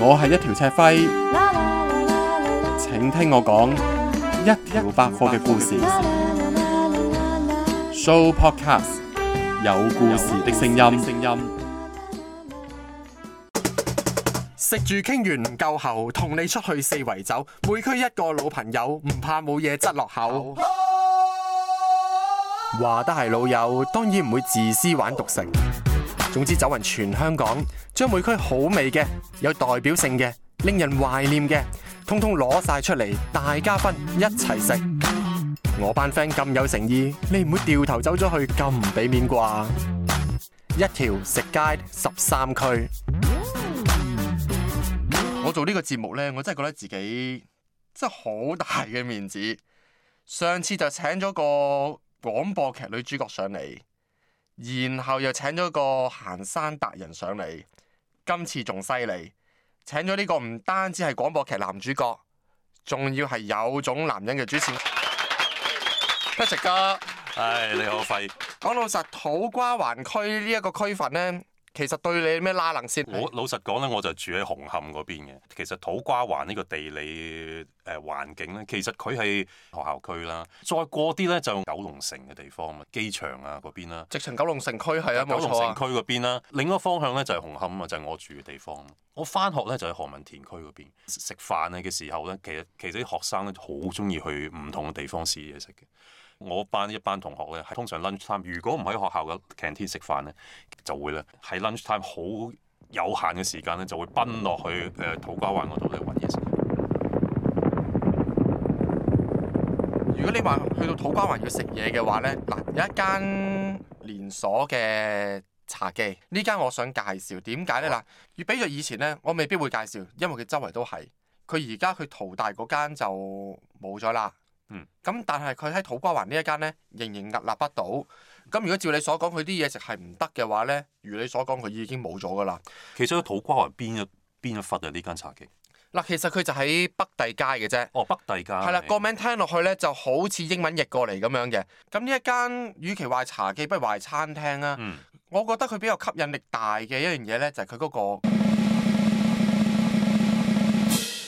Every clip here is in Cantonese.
我係一條赤輝，請聽我講一條百貨嘅故事。故事 Show Podcast 有故事的聲音。食住傾完唔夠喉，同你出去四圍走，每區一個老朋友，唔怕冇嘢執落口。話得係老友，當然唔會自私玩獨食。總之走勻全香港，將每區好味嘅、有代表性嘅、令人懷念嘅，通通攞晒出嚟，大家分，一齊食。我班 friend 咁有誠意，你唔會掉頭走咗去咁唔俾面啩？一條食街十三區，我做呢個節目呢，我真係覺得自己真係好大嘅面子。上次就請咗個廣播劇女主角上嚟。然後又請咗個行山達人上嚟，今次仲犀利，請咗呢個唔單止係廣播劇男主角，仲要係有種男人嘅主演。得食噶，唉，你好廢。講老實，土瓜灣區呢一個區份呢？其實對你咩拉能先？我老實講咧，我就住喺紅磡嗰邊嘅。其實土瓜灣呢個地理誒、呃、環境咧，其實佢係學校區啦。再過啲咧就九龍城嘅地方啊，機場啊嗰邊啦。直情九龍城區係啊，九龍城區嗰邊啦，啊、另一個方向咧就係紅磡啊，就係、是、我住嘅地方。我返學咧就喺何文田區嗰邊食飯啊嘅時候咧，其實其實啲學生咧好鍾意去唔同嘅地方試嘢食嘅。我班一班同學咧，通常 lunch time 如果唔喺學校嘅 canteen 食飯咧，就會咧喺 lunch time 好有限嘅時間咧，就會奔落去誒、呃、土瓜灣嗰度嚟揾嘢食。如果你話去到土瓜灣要食嘢嘅話咧，嗱有一間連鎖嘅茶記，呢間我想介紹點解咧？嗱，若、啊、畀咗以前咧，我未必會介紹，因為佢周圍都係，佢而家佢淘大嗰間就冇咗啦。嗯，咁但係佢喺土瓜灣呢一間呢，仍然屹立不倒。咁、嗯、如果照你所講，佢啲嘢食係唔得嘅話呢，如你所講，佢已經冇咗噶啦。其實個土瓜灣邊一邊一忽啊，呢間茶記？嗱，其實佢就喺北帝街嘅啫。哦，北帝街。係啦了，嗯、個名聽落去呢就好似英文譯過嚟咁樣嘅。咁呢一間，與其話茶記，不如話係餐廳啦、啊。嗯、我覺得佢比較吸引力大嘅一樣嘢呢，就係佢嗰個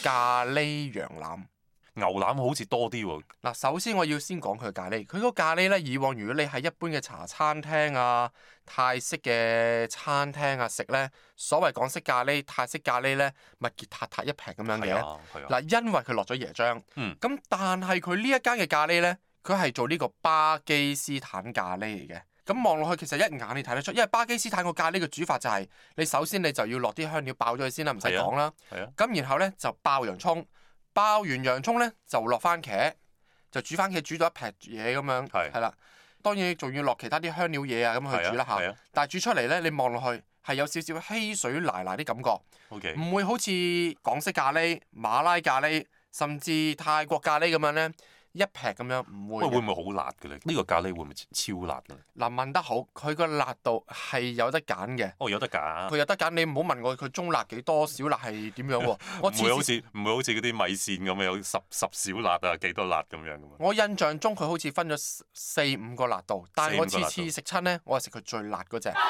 咖喱羊腩。牛腩好似多啲喎、啊。嗱，首先我要先講佢咖喱，佢個咖喱呢，以往如果你喺一般嘅茶餐廳啊、泰式嘅餐廳啊食呢，所謂港式咖喱、泰式咖喱呢，咪結撻撻一平咁樣嘅。嗱、啊，啊、因為佢落咗椰漿。嗯。咁但係佢呢一間嘅咖喱呢，佢係做呢個巴基斯坦咖喱嚟嘅。咁望落去，其實一眼你睇得出，因為巴基斯坦個咖喱嘅煮法就係、是，你首先你就要落啲香料爆咗佢先啦，唔使講啦。係咁、啊啊啊、然後呢，就爆洋葱。爆完洋葱呢，就落番茄，就煮番茄煮咗一撇嘢咁樣，係啦的。當然仲要落其他啲香料嘢啊，咁去煮啦嚇。但係煮出嚟呢，你望落去係有少少稀水瀨瀨啲感覺，唔 Okay. 會好似港式咖喱、馬拉咖喱，甚至泰國咖喱咁樣呢。一劈咁樣唔會。喂，會唔會好辣嘅咧？呢個咖喱會唔會超辣咧？嗱、啊，問得好，佢個辣度係有得揀嘅。哦，有得揀。佢有得揀，你唔好問我佢中辣幾多少、小辣係點樣喎。 我唔會好似唔會好似嗰啲米線咁有十十小辣啊、幾多辣咁樣嘅嘛。我印象中佢好似分咗四五個辣度，但係我次次食親咧，我係食佢最辣嗰隻。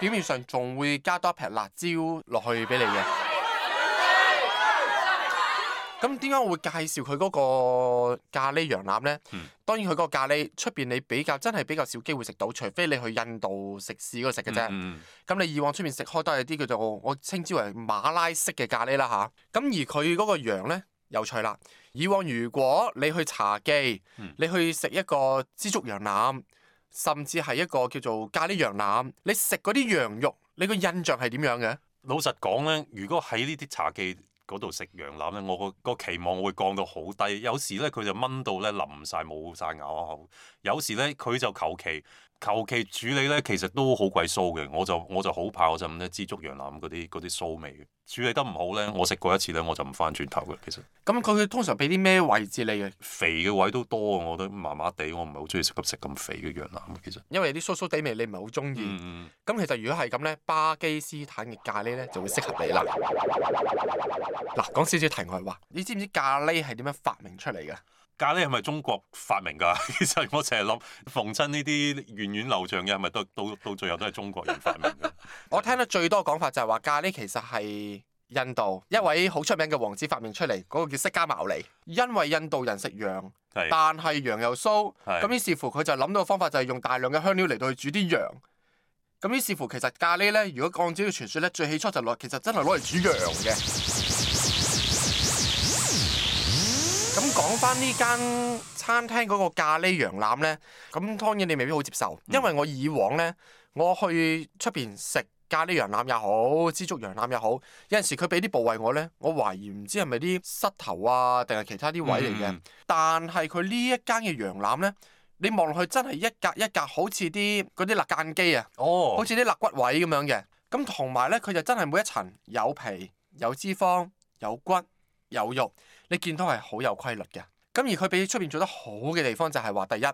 表面上仲會加多一劈辣，辣椒落去俾你嘅。咁點解我會介紹佢嗰個咖喱羊腩呢？嗯、當然佢個咖喱出邊你比較真係比較少機會食到，除非你去印度食肆嗰度食嘅啫。咁、嗯嗯、你以往出面食開都係啲叫做我稱之為馬拉式嘅咖喱啦吓，咁、啊、而佢嗰個羊呢，有趣啦。以往如果你去茶記，你去食一個枝竹羊腩，甚至係一個叫做咖喱羊腩，你食嗰啲羊肉，你個印象係點樣嘅？老實講呢，如果喺呢啲茶記。嗰度食羊腩咧，我個個期望會降到好低。有時咧佢就炆到咧淋晒冇晒咬口，有時咧佢就求其。求其處理咧，其實都好鬼騷嘅。我就我就好怕嗰陣咧，支竹羊腩嗰啲嗰啲騷味。處理得唔好咧，我食過一次咧，我就唔翻轉頭嘅。其實咁佢通常俾啲咩位置你嘅？肥嘅位都多，我覺得麻麻地，我唔係好中意食咁食咁肥嘅羊腩。其實因為啲騷騷地味你，你唔係好中意。咁其實如果係咁咧，巴基斯坦嘅咖喱咧就會適合你啦。嗱， 講少少題外話，你知唔知咖喱係點樣發明出嚟嘅？咖喱係咪中國發明㗎？ 其實我成日諗，逢親呢啲源遠流長嘅，係咪都到到最後都係中國人發明嘅？ 我聽得最多講法就係、是、話咖喱其實係印度一位好出名嘅王子發明出嚟，嗰、那個叫釋迦牟尼。因為印度人食羊，是但係羊又酥。咁是於是乎佢就諗到個方法就係用大量嘅香料嚟到去煮啲羊。咁於是乎其實咖喱呢，如果按照傳説呢，最起初就攞、是、其實真係攞嚟煮羊嘅。講翻呢間餐廳嗰個咖喱羊腩呢，咁當然你未必好接受，因為我以往呢，我去出邊食咖喱羊腩也好，枝竹羊腩也好，有陣時佢俾啲部位我呢，我懷疑唔知係咪啲膝頭啊，定係其他啲位嚟嘅。嗯、但係佢呢一間嘅羊腩呢，你望落去真係一格一格，好似啲嗰啲肋間肌啊，哦，好似啲肋骨位咁樣嘅。咁同埋呢，佢就真係每一層有皮、有脂肪、有骨、有肉。你見到係好有規律嘅，咁而佢比出面做得好嘅地方就係話，第一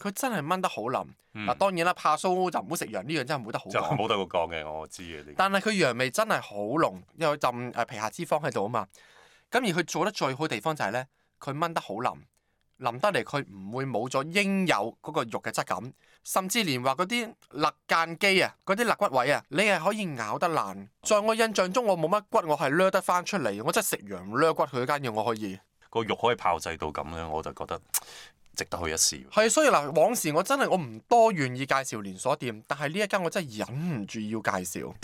佢真係炆得好腍。嗱、嗯、當然啦，怕臊就唔好食羊，呢樣真係冇得好講。就冇得佢講嘅，我知嘅。但係佢羊味真係好濃，有浸誒皮下脂肪喺度啊嘛。咁而佢做得最好嘅地方就係、咧、呢，佢炆得好腍。淋得嚟佢唔會冇咗應有嗰個肉嘅質感，甚至連話嗰啲肋間肌啊、嗰啲肋骨位啊，你係可以咬得爛。在我印象中，我冇乜骨，我係掠得翻出嚟，我真係食羊掠骨佢嗰間嘢，我可以。個肉可以炮製到咁樣，我就覺得值得去一試。係，所以嗱，往時我真係我唔多願意介紹連鎖店，但係呢一間我真係忍唔住要介紹。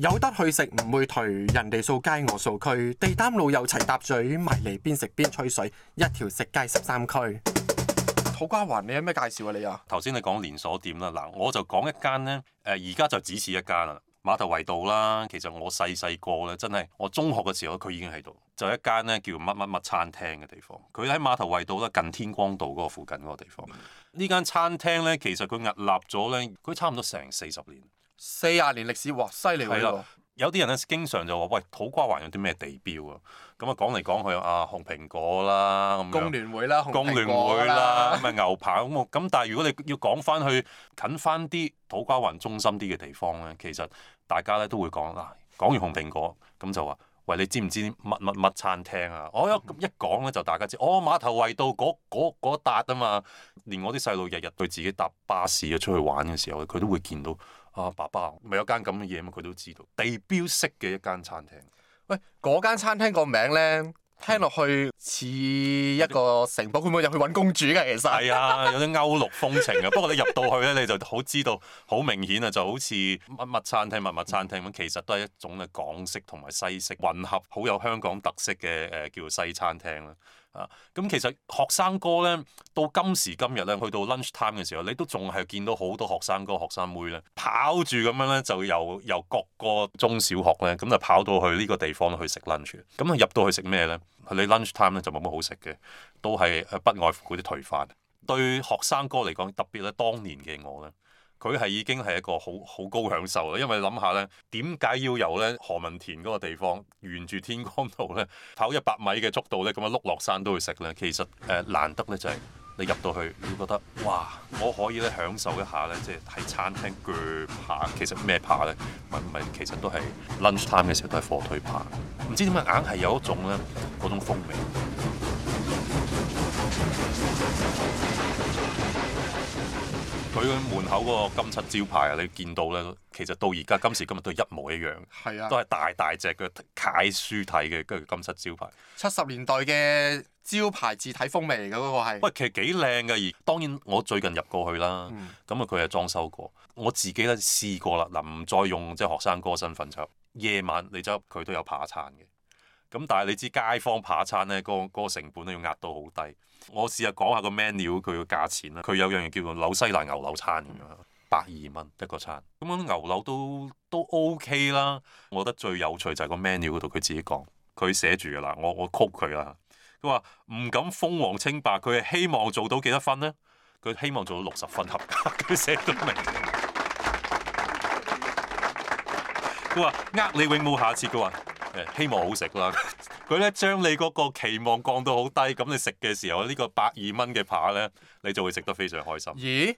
有得去食唔會退，人哋掃街我掃區，地攤路又齊搭嘴，埋嚟，邊食邊吹水，一條食街十三區。土瓜灣，你有咩介紹啊？你啊，頭先你講連鎖店啦，嗱，我就講一間呢。誒、呃，而家就只此一間啦。馬頭圍道啦，其實我細細個咧，真係我中學嘅時候，佢已經喺度，就一間呢叫乜乜乜餐廳嘅地方。佢喺馬頭圍道啦，近天光道嗰個附近嗰個地方。呢間餐廳呢，其實佢屹立咗呢，佢差唔多成四十年。四、廿年歷史，哇！犀利喎呢度。有啲人咧，經常就話：喂，土瓜灣有啲咩地標啊？咁啊，講嚟講去啊，紅蘋果啦，工聯會啦，啦工聯會啦，咁啊，牛棚咁。咁但係如果你要講翻去近翻啲土瓜灣中心啲嘅地方咧，其實大家咧都會講嗱、啊，講完紅蘋果，咁就話：喂，你知唔知乜乜乜餐廳啊？我一、 哦、一講咧，就大家知。我、哦、馬頭圍道嗰嗰嗰笪啊嘛，連我啲細路日日對自己搭巴士啊出去玩嘅時候，佢都會見到。啊！爸爸咪有間咁嘅嘢嘛，佢都知道地標式嘅一間餐廳。喂，嗰間餐廳個名咧，聽落去似一個城堡，會唔會入去揾公主㗎？ 其實係啊，有啲歐陸風情啊。 不過你入到去咧，你就好知道，好明顯啊，就好似乜乜餐廳、乜乜餐廳咁。其實都係一種啊，港式同埋西式混合，好有香港特色嘅誒，叫做西餐廳啦。咁其實學生哥咧，到今時今日咧，去到 lunch time 嘅時候，你都仲係見到好多學生哥、學生妹咧，跑住咁樣咧，就由由各個中小學咧，咁就跑到去呢個地方去食 lunch。咁啊入到去食咩咧？你 lunch time 咧就冇乜好食嘅，都係誒不外乎嗰啲頹飯。對學生哥嚟講，特別咧當年嘅我咧。佢係已經係一個好好高享受啦，因為你諗下咧，點解要由咧何文田嗰個地方沿住天光道咧跑一百米嘅速度咧，咁樣碌落山都會食咧。其實誒、呃、難得咧就係、是、你入到去你會覺得哇，我可以咧享受一下咧，即係喺餐廳鋸扒，其實咩扒咧？唔係唔係，其實都係 lunch time 嘅時候都係火腿扒，唔知點解硬係有一種咧嗰種風味。佢個門口嗰個金漆招牌，你見到咧，其實到而家今時今日都一模一樣，啊、都係大大隻嘅楷書體嘅金漆招牌。七十年代嘅招牌字體風味嚟嘅嗰個係。喂，其實幾靚㗎，而當然我最近入過去啦，咁啊佢係裝修過，我自己咧試過啦，嗱唔再用即係學生哥身份就夜晚你走入佢都有扒餐嘅。咁但係你知街坊扒餐咧，個個成本咧要壓到好低。我試下講下個 menu 佢個價錢啦。佢有樣嘢叫做紐西蘭牛柳餐咁樣，百二蚊一個餐。咁樣牛柳都都 OK 啦。我覺得最有趣就係個 menu 嗰度佢自己講，佢寫住噶啦。我我曲佢啦。佢話唔敢封王清白，佢係希望做到幾多分呢？佢希望做到六十分合、啊、格。佢寫到明。佢話：呃你永冇下次。佢話。希望好食啦，佢 咧將你嗰個期望降到好低，咁你食嘅時候呢、呢個百二蚊嘅扒呢，你就會食得非常開心。咦！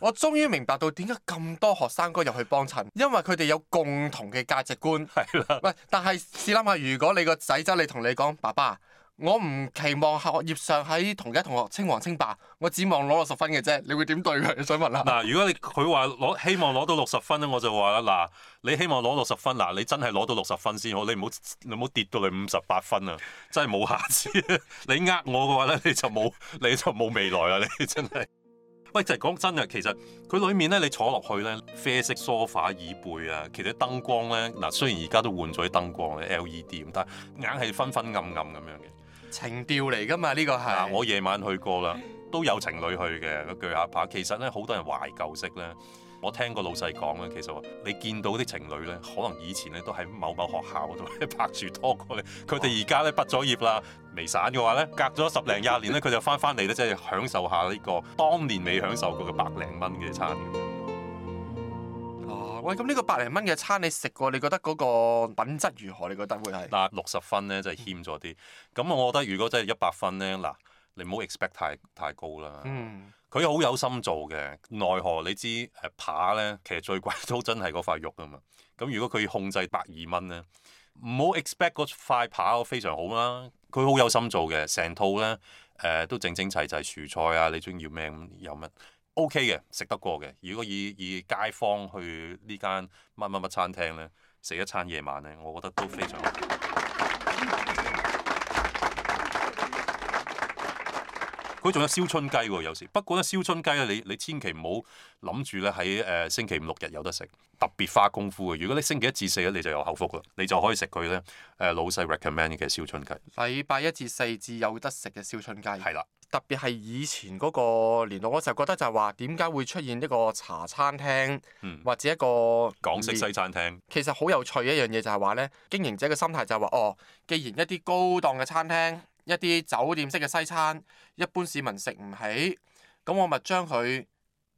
我終於明白到點解咁多學生哥入去幫襯，因為佢哋有共同嘅價值觀。係啦，喂！但係試諗下，如果你個仔仔，你同你講，爸爸。我唔期望喺學業上喺同一同學稱王稱霸，我指望攞六十分嘅啫。你會點對佢？你想問下。嗱，如果你佢話攞希望攞到六十分咧，我就話啦，嗱，你希望攞六十分，嗱，你真係攞到六十分先好。你唔好你唔好跌到你五十八分啊！真係冇下次。 你呃我嘅話咧，你就冇你就冇未來啊！你真係。 喂，就係講真啊。其實佢裡面咧，你坐落去咧，啡色梳化椅背啊，其實啲燈光咧，嗱，雖然而家都換咗啲燈光 LED，但硬係昏昏暗暗咁樣嘅。情調嚟噶嘛？呢、個係、啊，我夜晚去過啦，都有情侶去嘅個巨蟹扒。其實呢，好多人懷舊式呢，我聽個老細講呢，其實話你見到啲情侶呢，可能以前呢都喺某某學校度咧拍住拖過咧。佢哋而家呢，畢咗業啦，微散嘅話呢，隔咗十零廿年呢，佢就翻翻嚟呢，即、就、係、是、享受下呢、個當年未享受過嘅百零蚊嘅餐的。喂，咁呢個百零蚊嘅餐你食過，你覺得嗰個品質如何？你覺得會係嗱六十分咧，真係謙咗啲。咁、嗯、我覺得如果真係一百分咧，嗱、呃，你唔好 expect 太太高啦。嗯。佢好有心做嘅，奈何你知誒扒咧，其實最貴都真係嗰塊肉啊嘛。咁如果佢控制百二蚊咧，唔好 expect 嗰塊扒非常好啦。佢好有心做嘅，成套咧誒、呃、都整整齊齊，就薯菜啊，你中意咩有乜？O.K. 嘅，食得過嘅。如果以以街坊去呢間乜乜乜餐廳咧，食一餐夜晚咧，我覺得都非常好。佢仲 有，有燒春雞喎，有時。不過咧，燒春雞咧，你你千祈唔好諗住咧喺誒星期五六日有得食，特別花功夫嘅。如果你星期一至四咧，你就有口福啦，你就可以食佢咧。誒、呃、老細 recommend 嘅燒春雞，禮拜一至四至有得食嘅燒春雞。係啦。特別係以前嗰個年代，我就覺得就係話點解會出現一個茶餐廳，嗯、或者一個港式西餐廳。其實好有趣嘅一樣嘢就係話，呢經營者嘅心態就係話，哦，既然一啲高檔嘅餐廳、一啲酒店式嘅西餐，一般市民食唔起，咁我咪將佢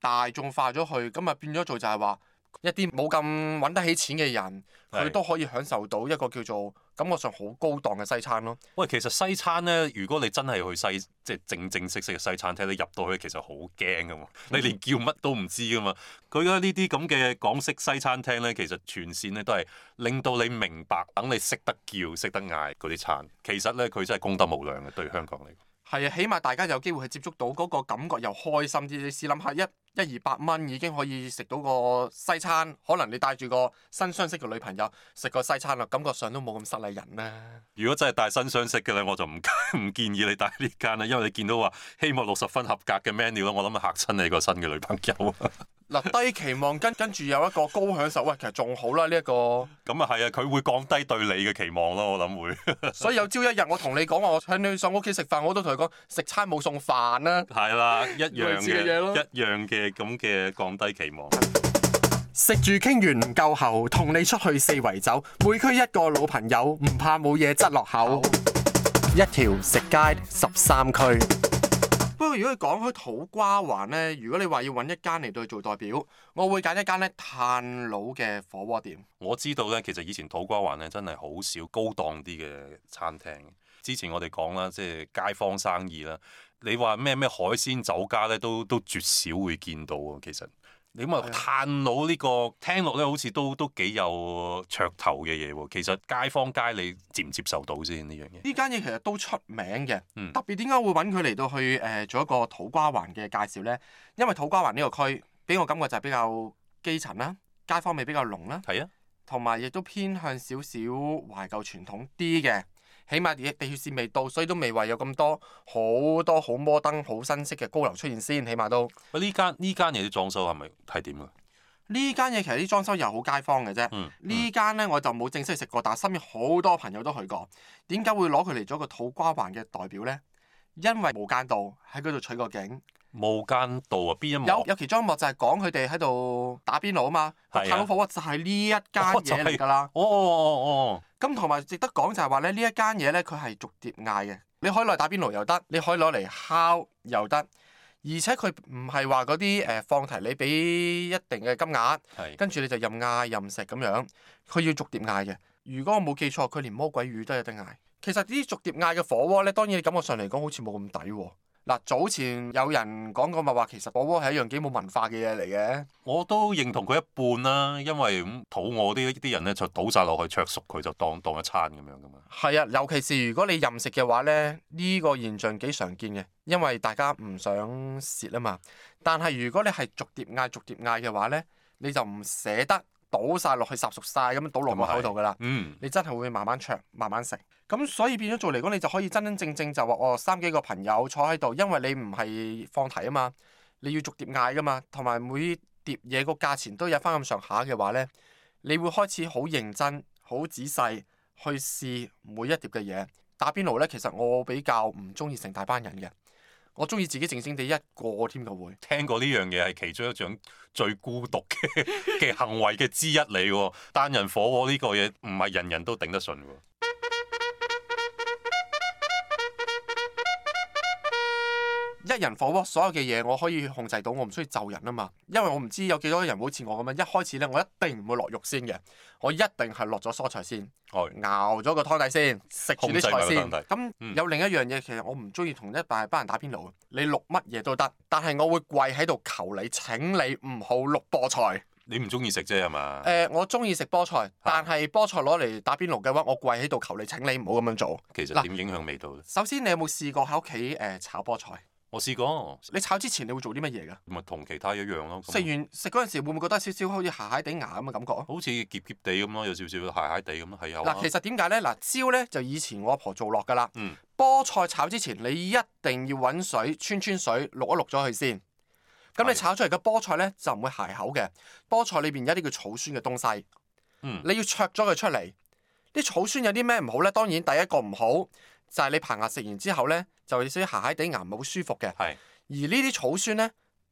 大眾化咗去，咁咪變咗做就係話。一啲冇咁揾得起錢嘅人，佢都可以享受到一個叫做感覺上好高檔嘅西餐咯。喂，其實西餐呢，如果你真係去西即係正正式式嘅西餐廳，你入到去其實好驚噶喎，你連叫乜都唔知噶嘛。佢呢啲咁嘅港式西餐廳呢，其實全線呢都係令到你明白，等你識得叫、識得嗌嗰啲餐。其實呢，佢真係功德無量嘅，對香港嚟講。係啊，起碼大家有機會去接觸到嗰個感覺，又開心啲。你試諗下，一、一、二百蚊已經可以食到個西餐，可能你帶住個新相識嘅女朋友食個西餐啦，感覺上都冇咁失禮人啦。如果真係帶新相識嘅咧，我就唔唔建議你帶呢間啦，因為你見到話希望六十分合格嘅 menu 啦，我諗嚇親你個新嘅女朋友啊！ 嗱，低期望跟跟住有一個高享受，喂，其實仲好啦呢一個。咁啊係啊，佢會降低對你嘅期望咯，我諗會。 所以有朝一日我同你講我請你上屋企食飯，我都同佢講食餐冇送飯啦，啊。係啦，一樣嘅 一樣嘅咁嘅降低期望。食住傾完唔夠喉，同你出去四圍走，每區一個老朋友，唔怕冇嘢擠落口。一條食街十三區。不過如果佢講開土瓜灣咧，如果你話要揾一間嚟到做代表，我會揀一間咧炭佬嘅火鍋店。我知道咧，其實以前土瓜灣咧真係好少高檔啲嘅餐廳。之前我哋講啦，即係街坊生意啦，你話咩咩海鮮酒家咧，都都絕少會見到啊，其實。你咪嘆老呢個聽落咧，好似都都幾有噱頭嘅嘢喎。其實街坊街你接唔接受到先呢樣嘢？呢間嘢其實都出名嘅，嗯、特別點解會揾佢嚟到去誒做一個土瓜灣嘅介紹呢？因為土瓜灣呢個區，俾我感覺就係比較基層啦，街坊味比較濃啦，係啊，同埋亦都偏向少少懷舊傳統啲嘅。起碼地地鐵線未到，所以都未話有咁多好多好摩登、好新式嘅高樓出現先，起碼都。呢間呢間嘢啲裝修係咪睇點啊？呢間嘢其實啲裝修又好街坊嘅啫。呢間、嗯、呢，我就冇正式食過，但係身邊好多朋友都去過。點解會攞佢嚟做一個土瓜灣嘅代表呢？因為無間道喺嗰度取過景。無間道啊！邊一幕？有，有其中一幕就係講佢哋喺度打邊爐啊嘛，泰國、啊、火鍋就係呢一間嘢嚟㗎啦。哦哦哦哦，咁同埋值得講就係話咧，呢一間嘢咧佢係逐碟嗌嘅。你可以攞嚟打邊爐又得，你可以攞嚟烤又得，而且佢唔係話嗰啲誒放題，你俾一定嘅金額，的跟住你就任嗌任，任食咁樣。佢要逐碟嗌嘅。如果我冇記錯，佢連魔鬼魚都有得嗌。其實呢啲逐碟嗌嘅火鍋咧，當然你感覺上嚟講好似冇咁抵喎。嗱，早前有人講過咪話，其實火鍋係一樣幾冇文化嘅嘢嚟嘅。我都認同佢一半啦、啊，因為肚餓啲啲人咧就倒晒落去灼熟佢就當當一餐咁樣噶嘛。係啊，尤其是如果你任食嘅話咧，呢、呢個現象幾常見嘅，因為大家唔想蝕啊嘛。但係如果你係逐碟嗌、逐碟嗌嘅話咧，你就唔捨得。倒晒落去，烚熟晒咁樣倒落個口度噶啦。嗯，你真係會慢慢灼，慢慢食咁，所以變咗做嚟講，你就可以真真正正就話哦，三幾個朋友坐喺度，因為你唔係放題啊嘛，你要逐碟嗌噶嘛，同埋每碟嘢個價錢都有翻咁上下嘅話呢，你會開始好認真、好仔細去試每一碟嘅嘢。打邊爐呢，其實我比較唔中意成大班人嘅。我中意自己靜靜地一個添嘅會，聽過呢樣嘢係其中一種最孤獨嘅嘅行為嘅之一嚟喎。 單人火鍋呢個嘢唔係人人都頂得順喎。一人火鍋，所有嘅嘢我可以控制到，我唔需要就人啊嘛。因為我唔知有幾多人好似我咁樣，一開始咧，我一定唔會落肉先嘅，我一定係落咗蔬菜先，哦、熬咗個湯底先，食住啲菜先。咁有另一樣嘢，其實我唔中意同一大班人打邊爐。你淥乜嘢都得，但係我會跪喺度求你，請你唔好淥菠菜。你唔中意食啫，係嘛？誒、呃，我中意食菠菜，啊、但係菠菜攞嚟打邊爐嘅話，我跪喺度求你，請你唔好咁樣做。其實點影響味道咧？首先，你有冇試過喺屋企誒炒菠菜？我試過，你炒之前你會做啲乜嘢噶？咪同其他一樣咯。食完食嗰陣時會唔會覺得少少好似鞋鞋地牙咁嘅感覺？好似澀澀地咁咯，有少少鞋鞋地咁咯，係有啊。嗱，其實點解咧？嗱，蕉咧就以前我阿婆做落噶啦。嗯。菠菜炒之前你一定要揾水，穿穿水，碌一碌咗佢先。咁你炒出嚟嘅菠菜咧就唔會鞋口嘅。菠菜裏邊有一啲叫草酸嘅東西。嗯。你要灼咗佢出嚟，啲草酸有啲咩唔好咧？當然第一個唔好。就係你棚牙食完之後咧，就會少少嚡嚡哋牙唔係好舒服嘅。是而呢啲草酸咧，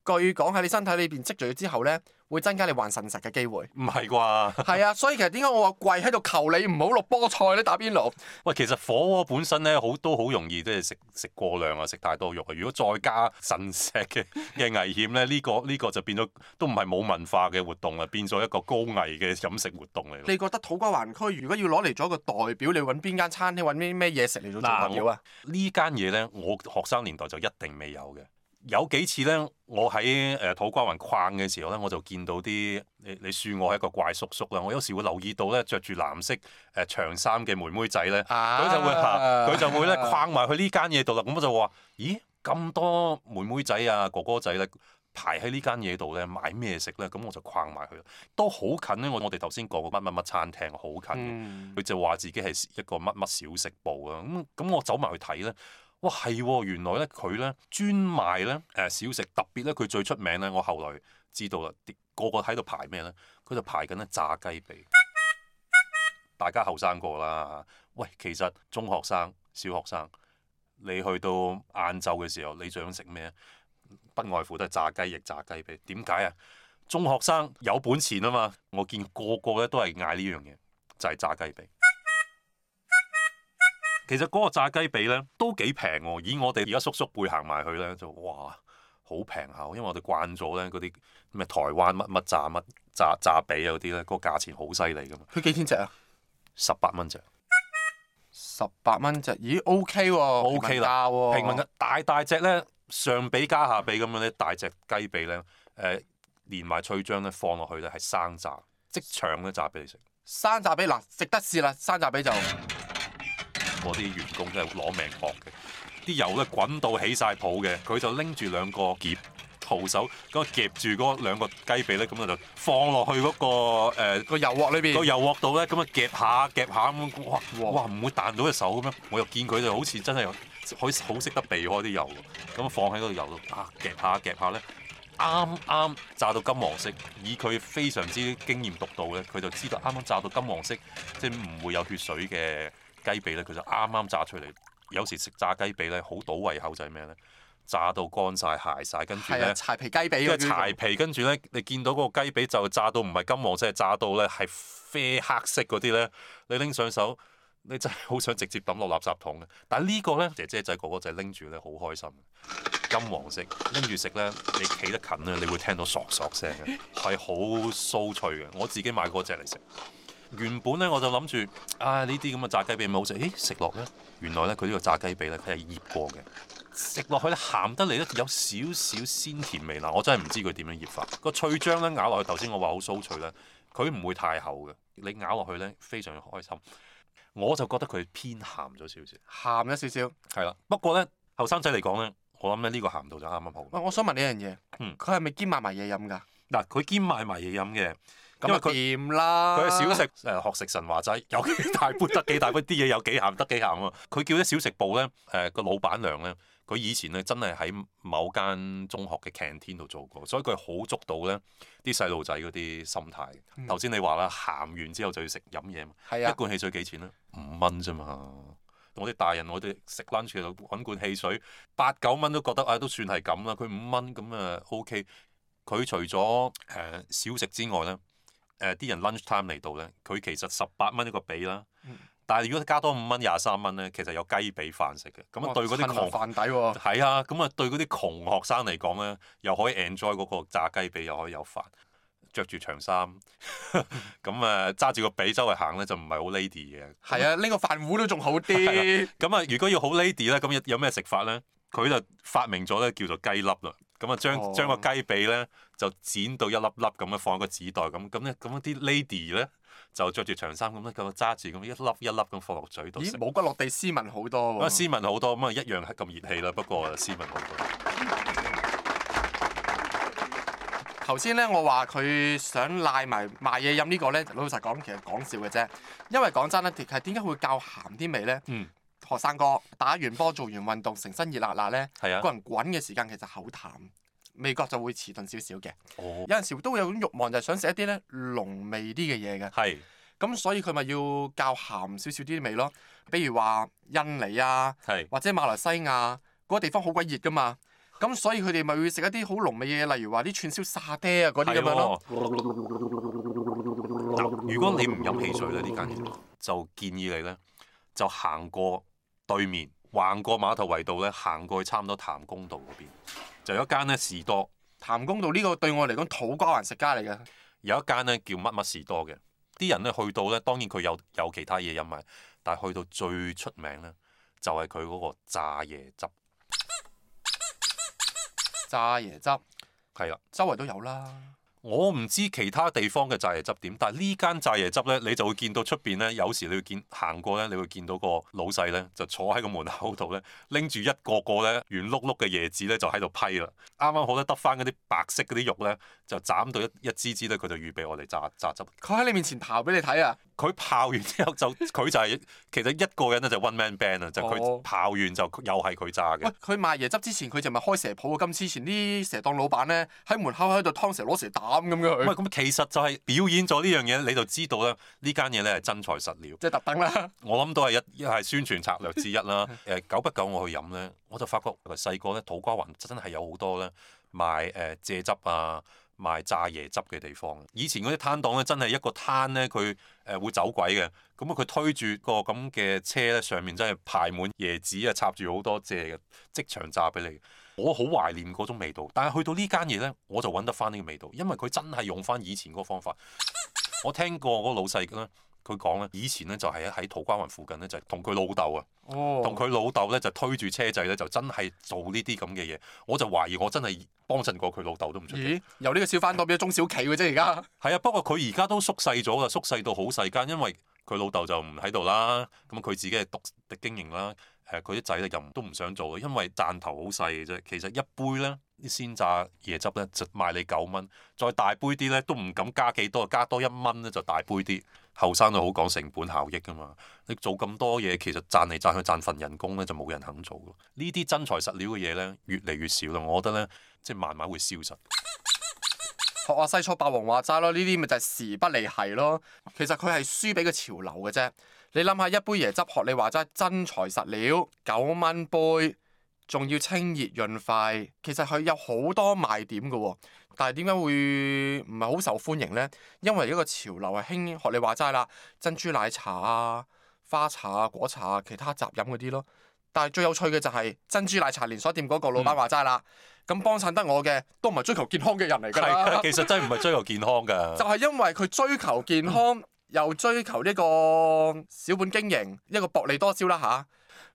據講喺你身體裏邊積聚咗之後咧，會增加你患腎石嘅機會，唔係啩？係 啊，所以其實點解我話跪喺度求你唔好落菠菜咧打邊爐？喂，其實火鍋本身咧好都好容易即係食食過量啊，食太多肉啊。如果再加腎石嘅嘅危險咧，呢、 呢個呢、呢個就變咗都唔係冇文化嘅活動啊，變咗一個高危嘅飲食活動嚟。你覺得土瓜灣區如果要攞嚟做一個代表，你揾邊間餐廳揾啲咩嘢食嚟做代表啊？間呢間嘢咧，我學生年代就一定未有嘅。有幾次咧，我喺誒土瓜灣框嘅時候咧，我就見到啲你你恕我係一個怪叔叔啦！我有時會留意到咧，着住藍色誒長衫嘅妹妹仔咧，佢、啊、就會行，佢就會咧框埋去呢間嘢度啦。咁 我就話：咦，咁多妹妹仔啊，哥哥仔咧排喺呢間嘢度咧買咩食咧？咁我就框埋佢，都好近咧。我哋頭先講過乜乜乜餐廳好近佢、嗯、就話自己係一個乜乜小食部啊。咁咁我走埋去睇咧。哇係喎、哦，原來咧佢咧專賣咧誒、呃、小食，特別咧佢最出名咧，我後來知道啦，個個喺度排咩咧？佢就排緊咧炸雞髀。 大家後生過啦，喂，其實中學生、小學生，你去到晏晝嘅時候，你最想食咩？不外乎都係炸雞翼、炸雞髀。點解啊？中學生有本錢啊嘛，我見個個咧都係嗌呢樣嘢，就係、是、炸雞髀。.其實嗰個炸雞髀咧都幾平喎、啊，以我哋而家叔叔背行埋去咧就哇好平口，因為我哋慣咗咧嗰啲咩台灣乜乜炸乜炸炸髀嗰啲咧，個價錢好犀利噶嘛。佢幾錢隻啊？十八蚊隻。十八蚊隻，咦 OK 喎、啊、OK 啦，平民價、啊、大大隻咧，上髀加下髀咁樣咧，大隻雞髀咧，誒、呃、連埋脆漿咧放落去咧係生炸即場咧炸俾你食。生炸髀嗱，值得試啦，生炸髀就。嗰啲員工都係攞命搏嘅，啲油咧滾到起晒泡嘅，佢就拎住兩個夾，徒手咁夾住嗰兩個雞髀咧，咁啊就放落去嗰、個誒、呃、油鑊裏邊，個油鑊度咧，咁啊夾下夾下咁，哇哇唔會彈到隻手咩？我又見佢就好似真係好好識得避開啲油，咁放喺嗰個油度，啊夾下夾下咧，啱啱炸到金黃色，以佢非常之經驗獨到嘅，佢就知道啱啱炸到金黃色，即係唔會有血水嘅。雞髀咧，佢就啱啱炸出嚟。有時食炸雞髀咧，好倒胃口，就係咩咧？炸到乾晒、鞋晒。跟住咧柴皮雞髀、啊。跟住柴皮，跟住咧，你見到嗰個雞髀就炸到唔係金黃色，係炸到咧係啡黑色嗰啲咧。你拎上手，你真係好想直接抌落垃圾桶嘅。但係呢個咧，姐姐仔、哥哥仔拎住咧，好開心。金黃色，拎住食咧，你企得近咧，你會聽到索索聲嘅，係好酥脆嘅。我自己買過隻嚟食。原本咧我就諗住啊呢啲咁嘅炸雞髀唔好食，誒食落咧原來咧佢呢個炸雞髀咧佢係醃過嘅，食落去咧鹹得嚟咧有少少鮮甜味啦，我真係唔知佢點樣醃法。個脆漿咧咬落去頭先我話好酥脆咧，佢唔會太厚嘅，你咬落去咧非常開心。我就覺得佢偏鹹咗少少，鹹咗少少。係啦，不過咧後生仔嚟講咧，我諗咧呢個鹹度就啱啱好。喂，我想問你一樣嘢，嗯，佢係咪兼賣埋嘢飲㗎？嗱，佢兼賣埋嘢飲嘅。咁掂啦！佢係小食誒、呃、學食神話齋，有幾大杯得幾大杯啲嘢，有幾鹹得幾鹹喎。佢叫啲小食部咧，誒、呃、個老闆娘咧，佢以前咧真係喺某間中學嘅 canteen 度做過，所以佢好捉到咧啲細路仔嗰啲心態。頭先你話啦，鹹完之後就要食飲嘢嘛。係啊，一罐汽水幾錢咧？五蚊啫嘛。我哋大人我哋食 lunch 就揾罐汽水，八九蚊都覺得啊、哎、都算係咁啦。佢五蚊咁啊 OK。佢除咗誒、呃、小食之外咧。誒啲、呃、人 lunch time 嚟到咧，佢其實十八蚊一個髀啦，但係如果多加多五蚊，廿三蚊咧，其實有雞髀飯食嘅。咁、哦、啊，對嗰啲窮飯底啊，咁啊，對嗰啲窮學生嚟講咧，又可以 enjoy 嗰個炸雞髀，又可以有飯，着住長衫，咁啊揸住個髀周圍行咧，就唔係好 lady 嘅。係啊，呢個飯壺都仲好啲。咁 啊，如果要好 lady 咧，咁有咩食法咧？佢就發明咗咧，叫做雞粒啦。咁啊，將將個雞髀咧就剪到一粒粒咁樣放喺個紙袋咁，咁咧咁啲 lady 咧就着住長衫咁樣咁揸住咁一粒一粒咁放落嘴度。咦！冇骨落地斯文好多喎。啊，斯文好多，咁啊一樣係咁熱氣啦，不過斯文好多。頭先咧，我話佢想賴埋賣嘢飲呢個咧，老實講其實講笑嘅啫。因為講真咧，係點解會較鹹啲味咧？嗯。學生哥打完波做完運動成身熱辣辣咧，啊、個人滾嘅時間其實口淡，味覺就會遲鈍少少嘅。哦、有陣時都會有種慾望就，就係想食一啲咧濃味啲嘅嘢嘅。咁是所以佢咪要較鹹少少啲味咯。比如話印尼啊，是或者馬來西亞嗰，嗰個地方好鬼熱噶嘛，咁所以佢哋咪會食一啲好濃味嘅嘢，例如話啲串燒沙爹啊嗰啲咁樣咯。如果你唔飲汽水咧，呢間就建議你咧，就行過。對面橫過馬頭圍道咧，行過去差唔多譚公道嗰邊，就有一間咧士多。譚公道呢個對我嚟講土瓜灣食家嚟嘅，有一間咧叫乜乜士多嘅。啲人咧去到咧，當然佢有有其他嘢飲埋，但係去到最出名咧就係佢嗰個炸椰汁。炸椰汁係啊，了周圍都有啦。我唔知其他地方嘅榨椰汁點，但係呢間榨椰汁咧，你就會見到出邊咧，有時你會見行過咧，你會見到個老細咧，就坐喺個門口度咧，拎住一個個咧圓碌碌嘅椰子咧，就喺度批啦。啱啱好咧，得翻嗰啲白色嗰啲肉咧，就斬到一一支支咧，佢就預備我嚟榨榨汁。佢喺你面前刨俾你睇啊！佢泡完之後就佢就係其實一個人咧就 one man band 啦，哦，就佢泡完就又係佢揸嘅。喂，佢賣椰汁之前佢就咪開蛇鋪咁，之前啲蛇檔老闆咧喺門口喺度劏蛇攞蛇膽咁嘅。喂、嗯，咁、嗯、其實就係表演咗呢樣嘢，你就知道咧呢間嘢咧係真材實料。即係特登啦。我諗都係一一係宣傳策略之一啦。誒， 久不久我去飲咧，我就發覺細個咧土瓜灣真係有好多咧賣誒蔗汁啊。賣炸椰汁嘅地方，以前嗰啲攤檔咧，真係一個攤咧，佢誒、呃、會走鬼嘅，咁啊佢推住個咁嘅車咧，上面真係排滿椰子啊，插住好多嘢嘅即場炸俾你。我好懷念嗰種味道，但係去到呢間嘢呢，我就揾得翻呢個味道，因為佢真係用翻以前嗰個方法。 我聽過嗰個老細。佢講咧，以前咧就係喺土瓜灣附近咧，就同佢老豆啊，同佢老豆咧就推住車仔咧，就真係做呢啲咁嘅嘢。我就懷疑我真係幫襯過佢老豆都唔出奇。咦？由呢個小販檔變咗中小企嘅啫。而家。係啊，不過佢而家都縮細咗啦，縮細到好細間，因為佢老豆就唔喺度啦。咁佢自己係獨力經營啦。誒，佢啲仔咧又都唔想做，因為賺頭好細嘅啫。其實一杯咧啲鮮榨椰汁咧就賣你九蚊，再大杯啲咧都唔敢加幾多，加多一蚊咧就大杯啲。後生就好講成本效益㗎嘛，你做咁多嘢，其實賺嚟賺去賺，賺份人工咧就冇人肯做咯。呢啲真材實料嘅嘢咧越嚟越少咯，我覺得咧即係慢慢會消失。學阿西楚霸王話齋咯，呢啲咪就係時不利係咯。其實佢係輸俾個潮流嘅啫。你諗下一杯椰汁，學你話齋真材實料九蚊杯。仲要清熱潤肺，其實佢有好多賣點嘅，但係點解會唔係好受歡迎呢？因為一個潮流係興，學你話齋啦，珍珠奶茶啊、花茶啊、果茶啊，其他雜飲嗰啲咯。但係最有趣嘅就係珍珠奶茶連鎖店嗰個老闆話齋啦，咁幫襯得我嘅都唔係追求健康嘅人嚟噶。其實真係唔係追求健康噶， 就係因為佢追求健康、嗯、又追求呢個小本經營，一個薄利多銷啦吓。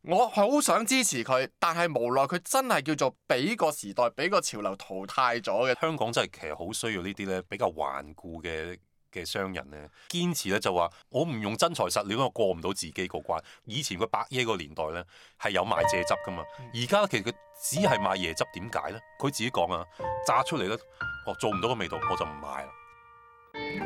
我好想支持佢，但係無奈佢真係叫做俾個時代、俾個潮流淘汰咗嘅。香港真係其實好需要呢啲咧比較頑固嘅嘅商人咧，堅持咧就話我唔用真材實料，我過唔到自己個關。以前個百椰個年代咧係有賣蔗汁㗎嘛，而家其實佢只係賣椰汁，點解咧？佢自己講啊，榨出嚟咧，我做唔到個味道，我就唔賣啦。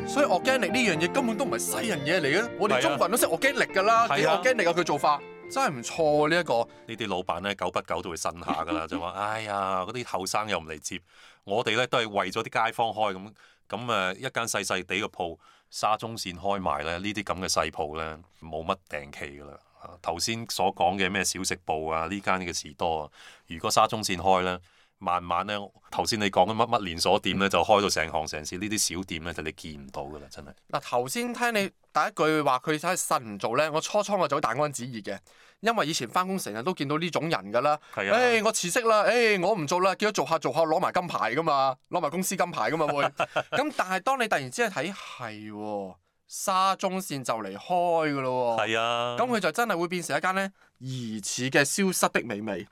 所以我驚力呢樣嘢根本都唔係西人嘢嚟嘅，我哋中國人都識我驚力㗎啦，係啊我驚力啊佢、啊、做法。真係唔錯喎！這個、呢一個呢啲老闆咧，久不久都會呻下噶啦，就話：哎呀，嗰啲後生又唔嚟接，我哋咧都係為咗啲街坊開咁。咁誒一間細細地嘅鋪，沙中線開埋咧，這這呢啲咁嘅細鋪咧，冇乜定期噶啦。頭、啊、先所講嘅咩小食部啊，呢間嘅士多啊，如果沙中線開咧。慢慢咧，頭先你講咗乜乜連鎖店咧，就開到成行成市，呢啲小店咧就你見唔到噶啦，真係、啊。嗱頭先聽你第一句話，佢睇實唔做咧，我初初我就大安旨意嘅，因為以前翻工成日都見到呢種人噶啦。係是、啊欸、我辭職啦，誒、欸、我唔做啦，叫到做客做客攞埋金牌噶嘛，攞埋公司金牌噶嘛會。咁 但係當你突然之間睇係、啊、沙中線就嚟開噶咯喎。係是啊。咁佢就真係會變成一間咧疑似嘅消失的美味。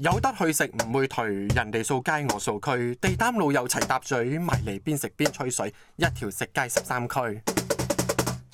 有得去食唔會退，人哋掃街我掃區地攤路又齊搭嘴，埋嚟邊食邊吹水。一條食街十三區。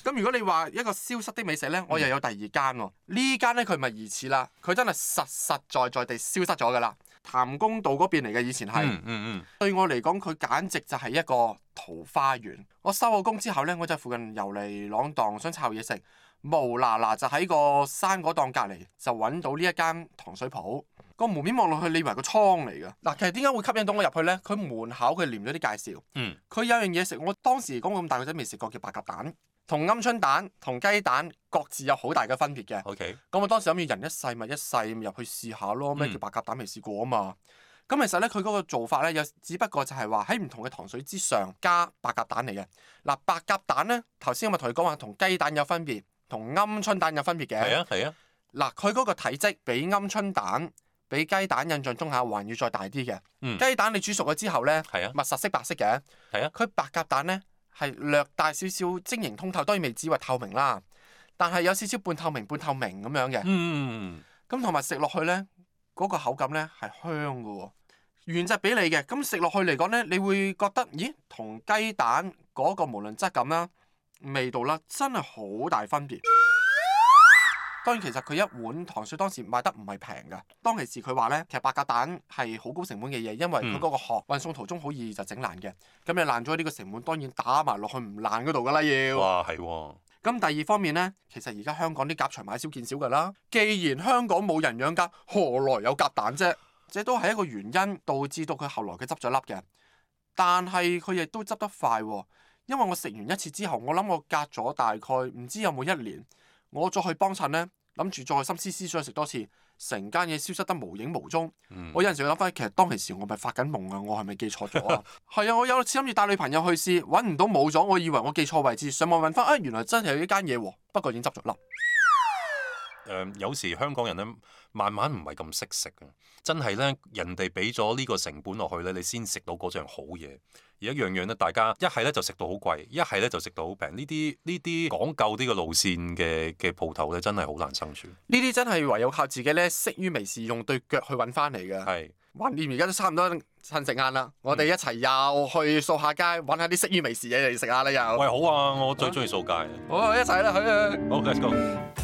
咁如果你話一個消失的美食呢，嗯、我又有第二間喎、哦。呢間呢，佢唔係疑似啦，佢真係實實在在地消失咗噶啦。譚公道嗰邊嚟嘅，以前係、嗯嗯嗯、對我嚟講，佢簡直就係一個桃花源。我收咗工之後呢，我就附近遊嚟朗檔想炒嘢食，無啦啦就喺個生果檔隔籬就搵到呢一間糖水鋪。個門面望落去，你以為個倉嚟㗎？嗱，其實點解會吸引到我入去呢？佢門口佢粘咗啲介紹，佢、嗯、有樣嘢食。我當時講我咁大個仔未食過，叫白鴿蛋，同鵪鶉蛋、同雞蛋各自有好大嘅分別嘅。咁 Okay. 我當時諗住人一世物一世，入去試下咯。咩叫白鴿蛋未試過啊嘛？咁、嗯、其實呢，佢嗰個做法呢，又只不過就係話喺唔同嘅糖水之上加白鴿蛋嚟嘅。嗱，白鴿蛋呢，頭先我咪同你講話，同雞蛋有分別，同鵪鶉蛋有分別嘅。係啊係啊。嗱、啊，佢嗰個體積比鵪鶉蛋。比雞蛋印象中下，還要再大啲嘅，嗯、雞蛋你煮熟咗之後呢，密、啊、實色白色嘅，佢、啊、白鴿蛋呢，係略大少少，晶瑩通透，當然未至於透明啦，但係有少少半透明半透明咁樣嘅，咁同埋食落去呢，嗰、嗰個口感呢，係香㗎喎，原則俾你嘅，咁食落去嚟講呢，你會覺得咦，同雞蛋嗰、嗰個無論質感啦、味道啦，真係好大分別。當然，其實佢一碗糖水當時賣得唔係平㗎。當其時佢話呢，其實白鴿蛋係好高成本嘅嘢，因為佢嗰個殼運送途中好易就整爛嘅。咁你、嗯、爛咗呢個成本，當然打埋落去唔爛嗰度噶啦要。哇，咁、哦、第二方面呢，其實而家香港啲鴿場買少見少㗎啦。既然香港冇人養鴿，何來有鴿蛋啫？這都係一個原因，導致到佢後來佢執咗笠嘅。但係佢亦都執得快、哦，因為我食完一次之後，我諗我隔咗大概唔知有冇一年。我再去幫襯呢，諗住再心思思想去食多次，成間嘢消失得無影無蹤。嗯、我有陣時諗翻，其實當其時我咪發緊夢啊，我係咪記錯咗啊？係啊， 我有一次諗住帶女朋友去試，揾唔到冇咗，我以為我記錯位置，上網問翻，啊原來真係有一間嘢喎、啊，不過已經執咗笠。誒、呃、有時香港人咧，慢慢唔係咁識食啊！真係咧，人哋俾咗呢個成本落去咧，你先食到嗰樣好嘢。而一樣樣咧，大家一係咧就食到好貴，一係咧就食到好平。呢啲呢啲講究啲嘅路線嘅嘅鋪頭咧，真係好難生存。呢啲真係唯有靠自己咧，識於微視，用對腳去揾翻嚟嘅。係是。橫掂而家都差唔多趁食晏啦，嗯、我哋一齊又去掃下街，揾下啲識於微視嘢嚟食下啦又。喂，好啊！我最中意掃街好、啊。好啊，一齊啦，去啊。好，Let's go。